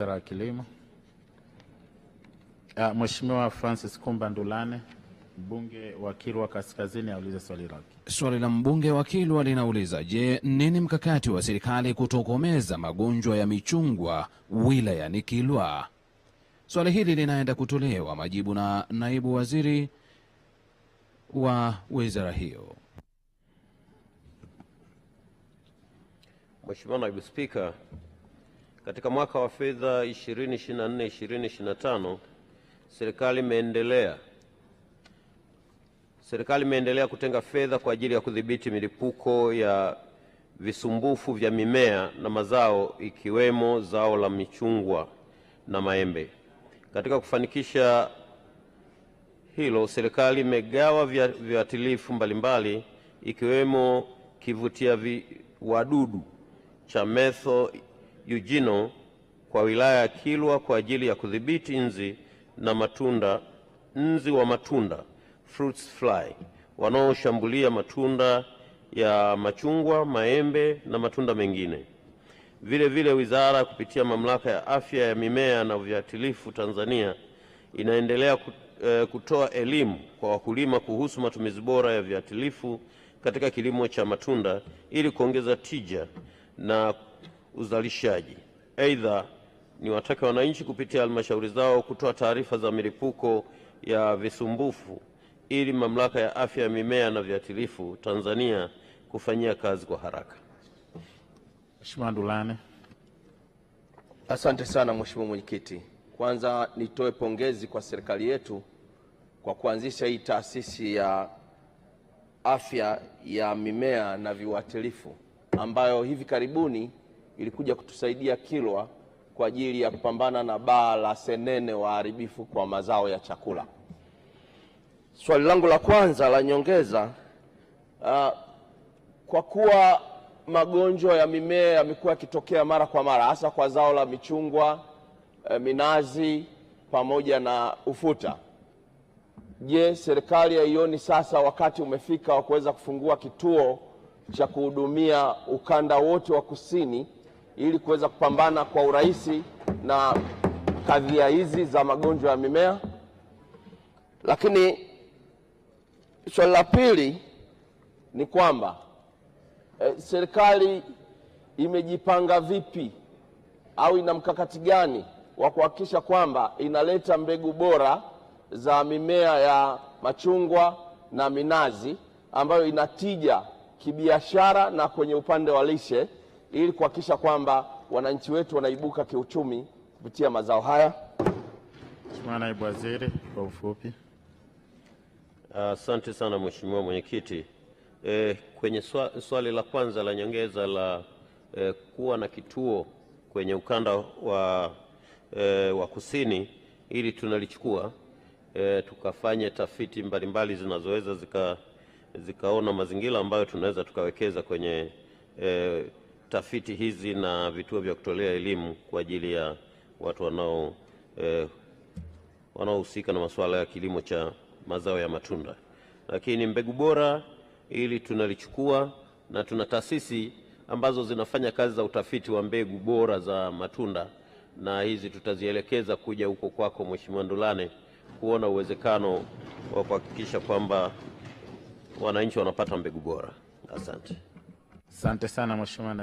Wizara ya Kilimo. Ah, Mheshimiwa Francis Kumba Ndulane, mbunge wa Kilwa Kaskazini, aulize swali lake. Swali la mbunge wa Kilwa linauliza, je, nini mkakati wa serikali kutokomeza magonjwa ya michungwa wilayani Kilwa? Swali hili linaenda kutolewa majibu na naibu waziri wa wizara hiyo. Mheshimiwa Naibu Spika, katika mwaka wa fedha 2024 2025 serikali imeendelea serikali imeendelea kutenga fedha kwa ajili ya kudhibiti milipuko ya visumbufu vya mimea na mazao ikiwemo zao la michungwa na maembe. Katika kufanikisha hilo, serikali imegawa viuatilifu mbalimbali ikiwemo kivutia vi, wadudu cha metho Ugino kwa wilaya ya Kilwa kwa ajili ya kudhibiti nzi na matunda, nzi wa matunda fruits fly wanaoshambulia matunda ya machungwa, maembe na matunda mengine. Vile vile wizara kupitia mamlaka ya afya ya mimea na viuatilifu Tanzania inaendelea eh, kutoa elimu kwa wakulima kuhusu matumizi bora ya viuatilifu katika kilimo cha matunda ili kuongeza tija na uzalishaji. Aidha, niwataka wananchi kupitia halmashauri zao kutoa taarifa za milipuko ya visumbufu ili mamlaka ya afya ya mimea na viuatilifu Tanzania kufanyia kazi kwa haraka. Mheshimiwa Ndulane. Asante sana Mheshimiwa Mwenyekiti. Kwanza nitoe pongezi kwa serikali yetu kwa kuanzisha hii taasisi ya afya ya mimea na viuatilifu ambayo hivi karibuni ilikuja kutusaidia Kilwa kwa ajili ya kupambana na baa la senene waharibifu kwa mazao ya chakula. Swali langu la kwanza la nyongeza, uh, kwa kuwa magonjwa ya mimea yamekuwa yakitokea mara kwa mara hasa kwa zao la michungwa, eh, minazi pamoja na ufuta. Je, serikali haioni sasa wakati umefika wa kuweza kufungua kituo cha kuhudumia ukanda wote wa kusini ili kuweza kupambana kwa urahisi na kadhia hizi za magonjwa ya mimea. Lakini swali la pili ni kwamba e, serikali imejipanga vipi au ina mkakati gani wa kuhakikisha kwamba inaleta mbegu bora za mimea ya machungwa na minazi ambayo inatija kibiashara na kwenye upande wa lishe ili kuhakikisha kwamba wananchi wetu wanaibuka kiuchumi kupitia mazao haya. Mheshimiwa Naibu Waziri, kwa ufupi. Asante uh, sana Mheshimiwa Mwenyekiti. Eh, kwenye swa, swali la kwanza la nyongeza la eh, kuwa na kituo kwenye ukanda wa, eh, wa kusini ili tunalichukua eh, tukafanye tafiti mbalimbali zinazoweza zika, zikaona mazingira ambayo tunaweza tukawekeza kwenye eh, tafiti hizi na vituo vya kutolea elimu kwa ajili ya watu wanao eh, wanaohusika na masuala ya kilimo cha mazao ya matunda. Lakini mbegu bora ili tunalichukua na tuna taasisi ambazo zinafanya kazi za utafiti wa mbegu bora za matunda, na hizi tutazielekeza kuja huko kwako Mheshimiwa Ndulane kuona uwezekano wa kuhakikisha kwamba wananchi wanapata mbegu bora. Asante. Asante sana mheshimiwa.